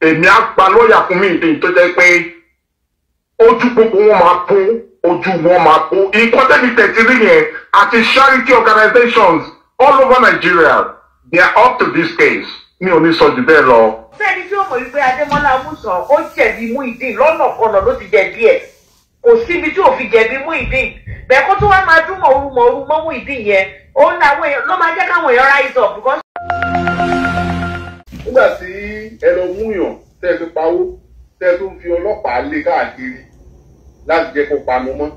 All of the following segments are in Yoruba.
èmi á pa lọ́ọ̀yà fún mi ìdè tó jẹ́ pé ojú gbogbo wọn máa kó ojú wọn máa kó nǹkan tẹ́bi tẹ̀sí rí yẹn àti charity organizations all over Nigeria they are up to this case mi ò ní sọ jù bẹ́ẹ̀ lọ. sẹ́ni tí ó mọ̀ wípé adémọ́lá amúsàn ó jẹ̀bi mú ìdí lọ́nà kọlọ̀ ló ti jẹ̀bi ẹ̀ kò síbi tí ò fi jẹ̀bi mú ìdí bẹ́ẹ̀ kó tó wá máa dún mọ̀ọ́rú mọ̀ọ́rú mọ́ mú ìdí yẹn òun làwọn èèyàn ló máa jẹ́ káwọn èèyàn rise up because nígbà tí ẹ lọ mú yàn tẹ́ ẹ fi pawó tẹ́ ẹ tó ń fi ọlọ́pàá lé káàkiri láti jẹ́ kó panu mọ́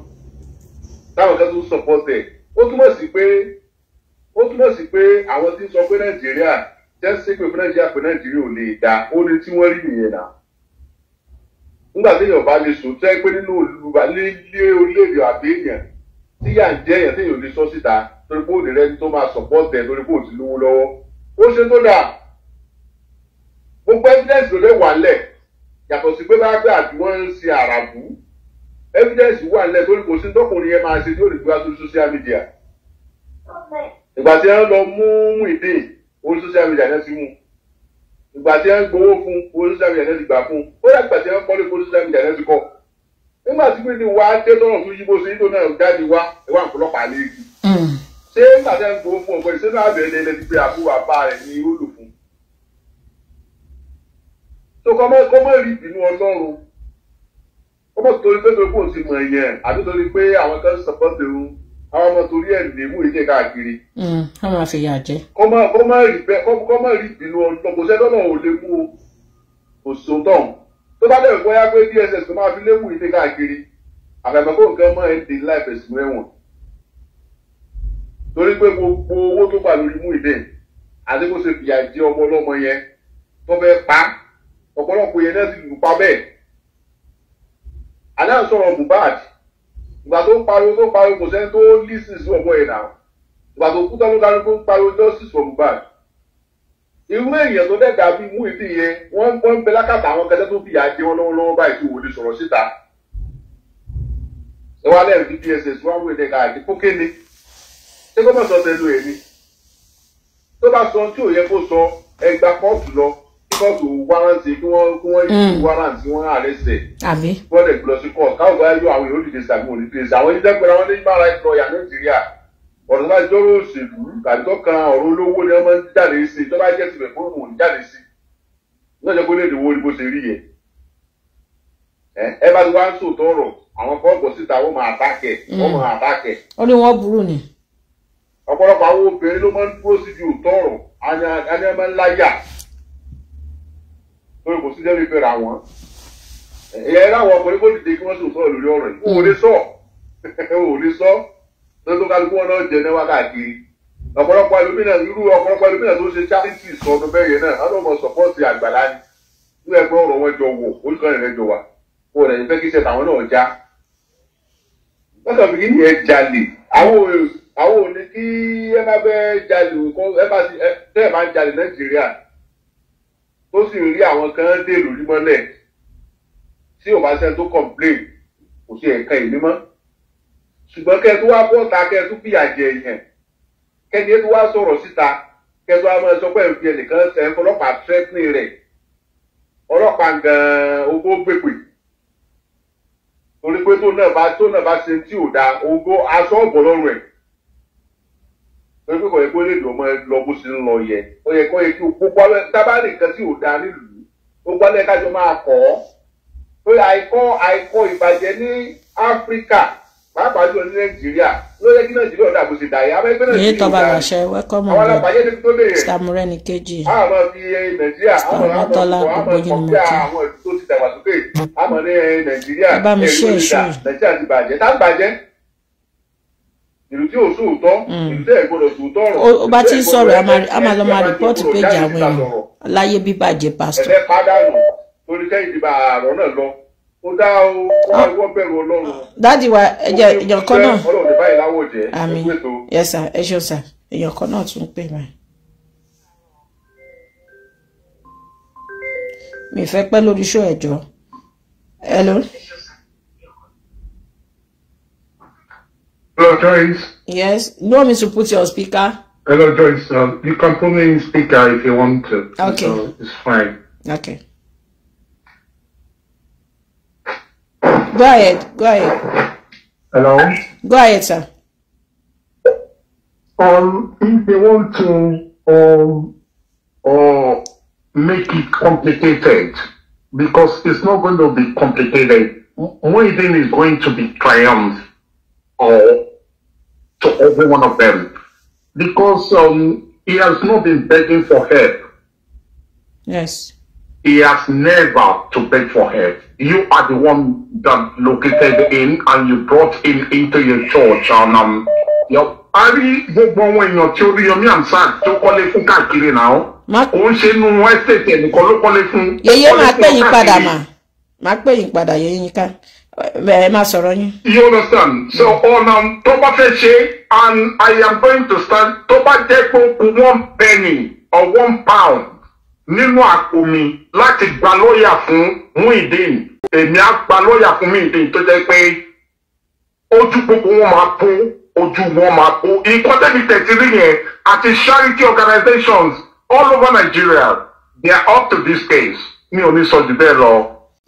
táwọn kan tó ń sọpọ́tẹ̀ ó túmọ̀ sí pé ó túmọ̀ sí pé àwọn tí ń sọ pé nàìjíríà jẹ́sí pé nàìjíríà pé nàìjíríà ò lè dá ó ní tí wọ́n rí nìyẹn náà nígbà tí èèyàn bá lè sùn tẹ́ pé nínú olùbá nílé olóòdì àbí èèyàn tí yà ń jẹ́ èèyàn tí èèyàn lè sọ síta torí pé òdì rẹ tó máa sọ̀pọ̀tẹ̀ torí pé òdì lówó lọ́wọ́ ó ṣe tó dáa gbogbo evidence ló lè wà lẹ̀ yàtọ̀ sí pé bá gbé àdúgbò ń ṣe àràbù evidence wà lẹ̀ tó ní kò sí tọkùnrin yẹn máa ṣe tí ó lè gbé wá social media ìgbà tí wọ́n lọ mú ìdè orí social media náà ti mú ìgbà tí wọ́n gbowó fún orí social media náà ti gbà fún ó yà ìgbà tí wọ́n kọ́lé orí social media náà ti kọ́ nígbà tí wíìlì wa dé tọ́nà fún yíbo sí ìdò náà jáde wá ìwà ìpọlọpàá lè rí ṣé nígbà tí wọ́n gbowó fún ọgbẹ́ni tó kọ́ kó mọ̀ rí ìbínú ọlọ́run ó mọ̀ torí pé torí pé òun ti mọ̀ ẹ̀yẹn àti torí pé àwọn kan support òun àwọn ọmọ torí ẹ̀ lè mú ilé káàkiri. kó hmm, máa fi yà jẹ. kó má kó má rí bẹ́ẹ̀ kó kó má rí ìbínú ọlọ́run kò sẹ́dọ̀ náà ò lè mú o kò so tán tó bá dẹ̀ wọ́yá pé DSS tó máa fi lé mú ilé káàkiri àgbàgbà kó nǹkan mọ́ ẹ̀ ń di láìpẹ́ sínú ẹ̀wọ̀n torí pé gbogbo owó tó gbà lórí mú ìdè àti kó ṣe fìyà jẹ ọmọ ọlọ́mọ yẹn tó fẹ́ pa á ọ̀pọ̀lọpọ̀ yẹn náà sì lù pa bẹ́ẹ̀ àná sọ̀rọ̀ Mohbad ìgbà tó ń pariwo tó ń pariwo kò sẹ́ni tó lísìn sí ọ̀pọ̀ yẹn náà ìgbà tó kú tọ́lú darí tó ń pariwo justice for Mohbad irú èèyàn tó dẹ́ka bí mú ìdí yẹn wọ́n ń bọ́ ń bẹ lákàtà àwọn kẹtẹ́ tó fìyà jẹ wọn lọ́wọ́lọ́wọ́ báyìí tí òwòlé sọ̀rọ̀ síta ẹ wá lẹ́rìí bí DSS wọ́n wé dẹ́ka àti pókéne ṣé kó mọ̀ sọ tẹnu ẹ̀ ni tó bá sọ tí ò yẹ kó sọ ẹgbà kóòtù lọ kóòtù wárántì kí wọ́n kí wọ́n yí mm. wárántì kí wọ́n àrẹ́sẹ̀ wọ́n lè lọ sí kóòtù káwọn bá yọ àwọn èrò dìde sàgbé òní dìde àwọn ẹni dẹ́gbẹ̀rẹ́ àwọn ẹni bára ẹ̀kọ́ yà nàìjíríà ọ̀rọ̀ náà jọ́rọ̀ òṣèlú tàbí tó kan ọ̀rọ̀ olówó ni wọ́n máa ń jáde sí i tó bá jẹ́ tìbẹ̀ fóònù òní jáde sí i náà jẹ́ pé léde wo ni bó ṣe rí yẹn ẹ bá ti wá ń sòtọ́ ọ̀rọ̀ àwọn kọ́ọ̀bù síta wọ́n máa àtàkẹ́ wọ́n mm. máa àtàkẹ́. ó ní wọ́n burú ni. ọ̀pọ̀lọpọ̀ àwọn obìnrin ló máa ń dúró síbi òtọ́ọ̀rọ̀ àyàn àyàn máa ń láyà wọn kò sí jẹ́rìí fẹ́ra wọn ẹ̀yẹ láwọn ọkùnrin kó dìde kí wọ́n sì sọ̀rọ̀ lórí ọ̀rọ̀ yìí òun ò lè sọ òun ò lè sọ lọ́dún kálukú wọn náà jẹ náwó káàkiri ọ̀pọ̀lọpọ̀ ẹlòmínà irú ọ̀pọ̀lọpọ̀ ẹlòmínà tó ṣe charity sọ̀rọ̀ bẹ́ẹ̀ yẹn náà àwọn ọmọ sọ̀pọ̀tì àgbàlá ni ní ẹgbẹ́ ọ̀rọ̀ wọn jọ wò orúkọ rẹ̀ jọ wà wọn rẹ̀ fẹ́ kí iṣẹ́ tàwọn náà já lọ́sọ̀ bí kíni ẹ jalè àwọn ò ní kí ẹ má bẹ́ẹ̀ jalè ẹ bá ti ẹ bá ń jalè Nàìjíríà tó sì ń rí àwọn kan dèrò rí mọ́lẹ̀ tí ò bá sẹ́ni tó complain kò sí ẹ̀ka ìlú mọ́ ṣùgbọ́n kẹ́ ẹ tó wá bọ́ta kẹ́ ẹ tó fìyà jẹ yẹn kẹ́ni ẹ tó wá sọ̀rọ̀ síta kẹ́ ẹ tó wá máa sọ pé ẹ̀fì ẹnìkan ṣe ń fọlọ́pàá tẹ́tìnì rẹ̀ ọlọ́pàá gan-an ogó gbèpè torí pé tó náà bá tó náà bá ṣe tí ò dáa ogó aṣọ ọ̀bọ̀ lọ́rùn ẹ̀ pé kò yẹ kó lè dùn ọmọ lọ bó ṣe ń lọ yẹ ó yẹ kó yẹ kí o gbogbo alẹ tábàlì nǹkan tí ò da nílùú gbogbo alẹ kájọ máa kọ ọ pé àìkọ́ àìkọ́ ìbàjẹ́ ní áfíríkà pàápàá jùlọ ní nàìjíríà ló yẹ kí nàìjíríà dà bó ṣe dà yẹ abẹ́gbẹ́ nàìjíríà yìí tọ́ba làṣẹ wẹ́kọ́mù ọ̀rọ̀ sàmúrẹ́ ní kejì àwọn ọmọ nàìjíríà àwọn ọmọ tọ́lá gbogbo yìí ni mo kí. àwọn ọmọ tó ti dàgbàsókè àmọ́ ní nàìjíríà èrè ló ti dà nàìjíríà ti bàjẹ́ tá bàjẹ́ ìlú tí ò sóòótọ́ mm. ìlú tẹ́ ẹ̀ gbọ́dọ̀ sóòótọ́ ọ̀rọ̀. ó bá ti ń sọ̀rọ̀ a máa lọ máa rìpọ́ọ̀tì péjì àwọn èèyàn láyé bíbàjẹ́ pásítọ̀. ẹ̀fẹ́ pádànù torí kẹ́yìn ìdìbò àárọ̀ náà lọ ó dá o ó ah. máa wọ́n bẹ̀rù ọlọ́run. dádì wa ẹ̀jẹ̀ èèyàn kan náà àmín yes sir ẹ ṣeun sir èèyàn náà tún pè mí. mi fẹ́ pẹ́ lórí ṣó ẹ̀jọ́ hello. Hello, Joyce. Yes. You want me to put your speaker? Hello, Joyce. Um, you can put me in speaker if you want to. Okay. So it's fine. Okay. Go ahead. Go ahead. Hello. Go ahead, sir. Um, if they want to um, or uh, make it complicated, because it's not going to be complicated, Wedding is going to be triumph Or to every one of them because um, he has not been begging for help. Yes. He has never to beg for help. You are the one that located him and you brought him into your church and um, yep. a rí gbogbo àwọn èèyàn tí Oríyọmí Hamzat tó kọ́lé fún káàkiri náà ó ń ṣe inú ẹ́sítẹ̀tì ẹnìkan ló kọ́lé fún. yèyé máa pè yín padà mà máa pè yín padà yèyé yín ká ẹ máa sọ̀rọ̀ yín. you understand so mm. ọ̀nà tó bá fẹ́ ṣe and i am going to stand tó bá jẹ́ pé one penny or one pound nínú àpò mi láti gba lọ́ọ̀yà fún Muyideen èmi á gba lọ́ọ̀yà fún Muyideen tó jẹ́ pé ojú gbogbo wọn máa kó ojú wọn máa kó nǹkan tẹ́bi yẹn àti charity organizations all over Nigeria they are up to this case mi ò ní sọ jù bẹ́ẹ̀ lọ.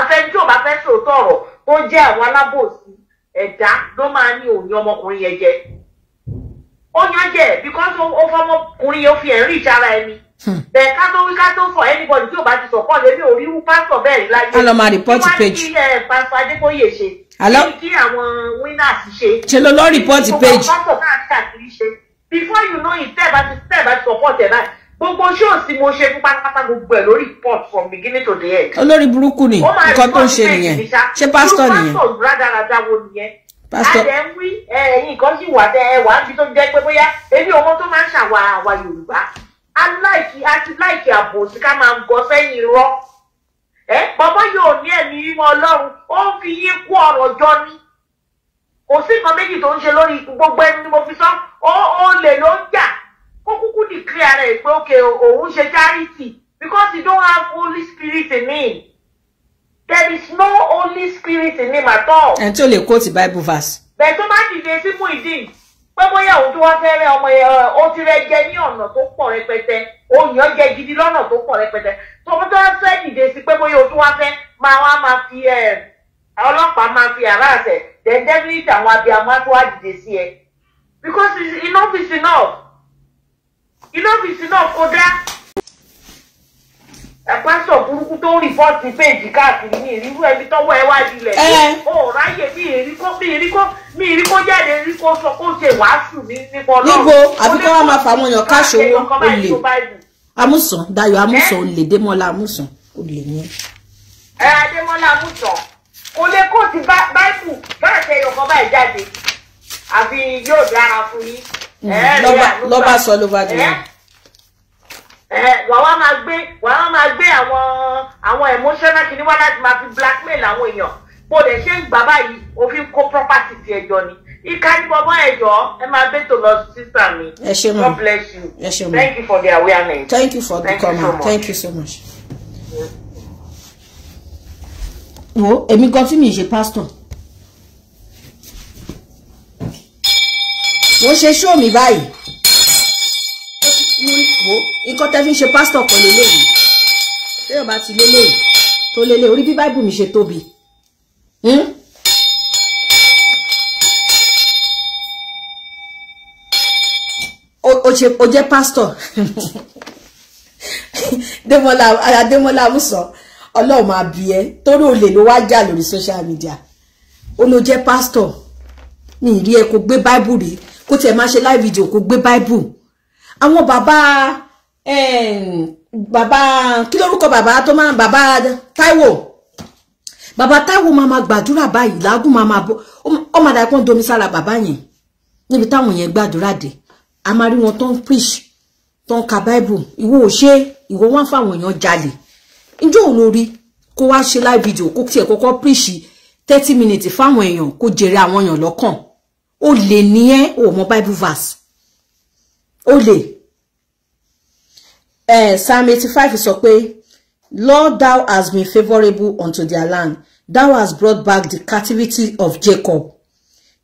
afẹ́jú ọba fẹ́ sòótọ́ ọ̀rọ̀ tó jẹ́ àwọn alábòsí ẹ̀dá ló máa ní òní ọmọkùnrin yẹn jẹ ó yàn jẹ because ó fọmọkùnrin yẹn ó fi ẹ̀rí ìjara ẹni hmm. bẹ́ẹ̀ ká tó wí ká tó fọ anybody tí ò bá ti sọ̀kọ́ lé ní orí wú pásítọ̀ bẹ́ẹ̀ rí láyé kí wọ́n ní kí eh, pásítọ̀ adékòye ṣe kí àwọn winners ṣe ṣe ló lọ rìpọ́tì page before you know it tẹ́ẹ̀ bá ti tẹ́ẹ̀ bá ti sọ̀kọ́ tẹ̀ báyìí gbogbo shows tí mo ṣe fún pátápátá gbogbo ẹ lórí report from beginning to the end. olórí burúkú ni nǹkan tó ń ṣe nìyẹn ṣé pásítọ̀ nìyẹn. pásítọ̀ rádaràda wo nìyẹn. pásítọ̀ adẹ ń wí ẹyin nǹkan sì wà tẹ ẹ wà á fi tó jẹ pé bóyá èmi ọmọ tó máa ń ṣàwà àwà yorùbá aláìkí àti láìkí àbòsí ká máa ń gọ sẹ́yìn irọ́ ẹ bàbá yóò ní ẹ̀mí mímọ́ ọlọ́run ó ń fi yín kú ọ̀rọ̀ jọ ní kò sí nǹkan méjì tó ń ṣe lórí gbogbo ẹni mo fi sọ ó ó lè ló ń jà kó kúkú declare rẹ̀ pé okay òun ṣe charity because you don't have holy spirit in me there is no holy spirit in him at all. ẹni tí ó lè quote bible verse. bẹ́ẹ̀ tó bá dìde sí Muyideen pé bóyá òun tó wá fẹ́ rẹ ọmọ yẹn ó ti rẹ jẹ ní ọ̀nà tó pọ̀ rẹpẹtẹ òyìn jẹ gidi lọ́nà tó pọ̀ rẹpẹtẹ tọmọ tó wá fẹ́ dìde sí pé bóyá òun tó wá fẹ́ máa wá máa fi ọlọ́pàá máa fi àrà àṣẹ dẹ́ndẹ́bílì àwọn abiyamọ tó wá dìde sí ẹ because enough is enough ilé ọ́fíìsì náà kò dá ẹ̀pẹ́sọ̀ burúkú tó ń rìpọ́ọ̀tì péjì káàkiri ní ìrírú ẹbí tọ́wọ́ ẹ wá dilẹ̀ ó ráyè mí ìríkó mí ìríkó mí ìríkó jáde ìríkó sọ kó ṣe wàásù ní nípa ọlọ́run. níbo àbí kí wọ́n máa fa àwọn èèyàn káṣowó olè amúsàn Dayọ̀ amúsàn olè Démọ́lá amúsàn olè ni. ẹ Démọ́lá amúsàn kò lè kó ti báìbù báyìí ṣe yọkan báyìí jáde àfi yóò dára fún yín. Mm. Eh, lọ́ba sọ ló bá dùn ún. Eh, eh, wà wá máa gbé wà wá máa gbé àwọn àwọn emotional kìíní wá láti máa fi blackmail àwọn èèyàn bó dẹ̀ ṣe ń gbà báyìí òfin kó property ti ẹ̀jọ̀ ni ìka ní bọ́bọ́ ẹ̀jọ̀ ẹ máa bẹ́tò lọ sísà mi. ẹ ṣé God bless you thank you for the awareness. thank you for the comment thank you so much. wo èmi gan tí mi ṣe pásítọ̀. mo ń ṣe ṣó mi báyìí wo nǹkan tẹ́ fi ń ṣe pásítọ̀ kan lélẹ́yìí téèyàn bá ti lélẹ́yìí tó lélẹ́ orí bí báìbù mi ṣe tóbi hmm? o jẹ́ pásítọ̀ Demola Ademola Amusan Ọlọ́run máa bí ẹ torí olè ló wá jà lórí social media ó ló jẹ́ pásítọ̀ mi ì rí ẹ kó gbé báìbù rí kó tiẹ̀ máa ṣe live video kó gbé bible àwọn bàbá bàbá kí lórúkọ bàbá tó Baba Taiwo Táíwò bàbá Táíwò máa ma gbàdúrà báyìí làágùn máa ma bọ́ ó máa dàgbọ́n domi sára bàbá yẹn níbi táwọn yẹn gbàdúrà dé a máa rí wọn tó ń preach tó ka bible ìwọ ò ṣe ìwọ wá fáwọn èèyàn jalè njó ò lórí kó wá ṣe live video kó tiẹ̀ kọ́kọ́ preach thirty minutes fáwọn èèyàn kó jèrè àwọn èèyàn lọ́kàn o lè ní ẹ o mọ bible verse o lè eh, psalm eighty five sọ pé lord thou hast been favorable unto their land thou hast brought back the captivity of jacob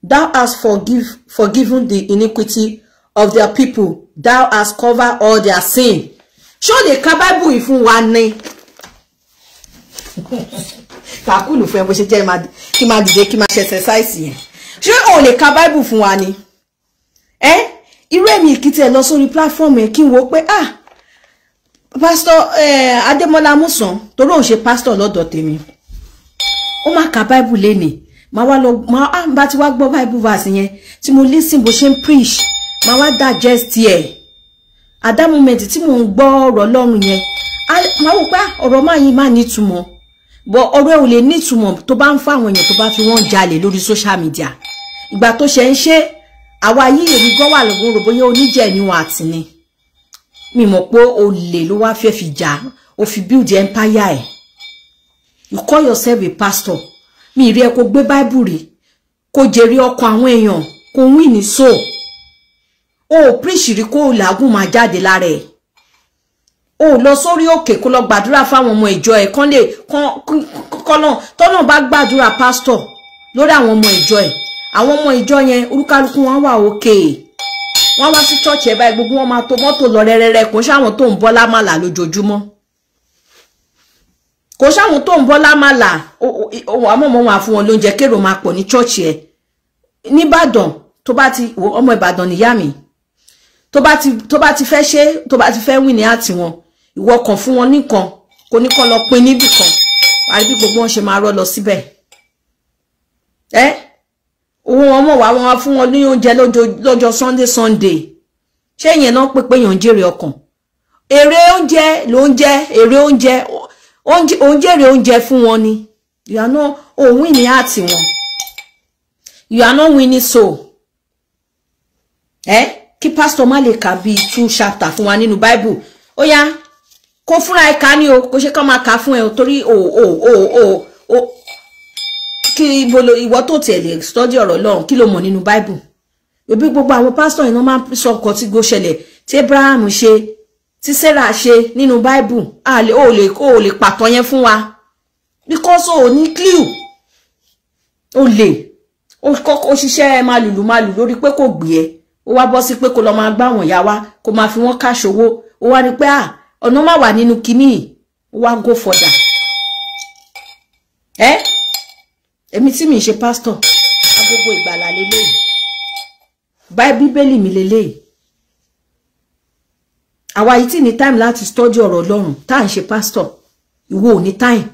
thou hast forgive forgiven the iniquity of their people thou hast covered all their sin Show the ka bible yìí fún wa ni kàkúlù fún ẹ bó ṣe jẹ́ kí máa dìde kí máa exercise yẹn ṣé òun lè ka bible fún wa ni ẹ irú èmi ìkìtẹ̀ lọ sórí platform ẹ kí n wo pé ah pastor eh, adémọlá musan torí òun ṣe pastor lọ́dọ̀ tèmi ó má ka bible lénìí màá wá lọ màá á ah, bá ti wá gbọ́ bible verse yẹn tí mo listen bó ṣe ń preach màá wá digest ẹ̀ at that moment tí mò ń gbọ́ ọ̀rọ̀ Ọlọ́run yẹn màá wò pé ah, ọ̀rọ̀ máa yín má nítumọ̀ bọ ọ̀rọ̀ ò lè nítumọ̀ tó bá ń fa àwọn èèyàn tó bá fi wọ́n jalè lórí social media ìgbà tó ṣe ń ṣe àwa yìí èmi gan wà lọ́gbọ́n rò bóyá oníjẹ̀ níwọ̀n àti ni mi mọ̀ pé olè ló wá fẹ́ fi jà ó fi build empire ẹ̀ you call yourself a pastor mi rí ẹ kó gbé bible rí kó jèrè ọkọ̀ àwọn èèyàn kó win ní so o ò preach kó làágùn máa jáde lára ẹ̀ o lọ sórí òkè kó lọ gbàdúrà fáwọn ọmọ ìjọ ẹ kán lè kọ́nà tọ́nà bá gbàdúrà pásítọ̀ lórí àwọn ọmọ ìjọ ẹ àwọn ọmọ ìjọ yẹn olúkálukú wọn wà òkè wọn wá sí chọọchì ẹ báyìí gbogbo wọn máa to mọ́tò lọ rẹrẹrẹ kò sáwọn tó ń bọ́ lámàlà lójoojúmọ́ kò sáwọn tó ń bọ́ lámàlà àmọ́ ọmọ wọn àfún wọn lóúnjẹ kérò máa pọ̀ ní chọọchì ẹ nìbàdàn tó bá ti ọmọ ìbàdàn nìyá mi tó bá ti fẹ́ ṣe tó bá ti fẹ́ wìn ní àtiwọn ìwọ kàn fún wọn nìkan kò ní kọ́ lọ pin níbì kan àbí bí gbogbo wọn ṣe máa rọ́ lọ síbẹ̀ ẹ owó wọn mọ̀ wá wọn wá fún wọn ní oúnjẹ lọ́jọ́ sunday sunday ṣé ìyẹn náà pé pé èèyàn ń jèrè ọkàn èrè oúnjẹ ló ń jẹ èrè oúnjẹ oúnjẹ èrè oúnjẹ fún wọn ni ìyànà òun ìní àti wọn ìyànà òun ìní so ẹ kí pásítọ̀ má lè kà bíi two chapter fún wa nínú bible ó yá kó fúnra ẹ ká ní o kó ṣe kán máa kà fún ẹ o torí o o o o ki kí ibolo ìwọ tó tiẹ̀ lè study ọ̀rọ̀ Ọlọ́run kí ló mọ̀ nínú Bible òbí gbogbo àwọn pásítọ̀ yìí wọ́n máa ń sọ nǹkan tí gbó ṣẹlẹ̀ tí Abraham ṣe tí Sarah ṣe nínú Bible àlè o le o le pàtó yẹn fún wa because o ní clue o le o ṣiṣẹ́ malùlù malù lórí pé kò gbé ẹ o wá bọ́ sí pé kó lọ máa gbá wọn yá wa kó máa fi wọ́n káṣowó o wá ní pé ah ọ̀nà má wà nínú kinní yìí go further ẹ èmi tí mi ṣe pastor agogo ìgbàlà lélẹ́yìí báyìí bíbélì mi lélẹ́yìí àwa yìí tí ní time láti stọ́jú ọ̀rọ̀ ọlọ́run tá à ń ṣe pásítọ̀ ìwọ ò ní time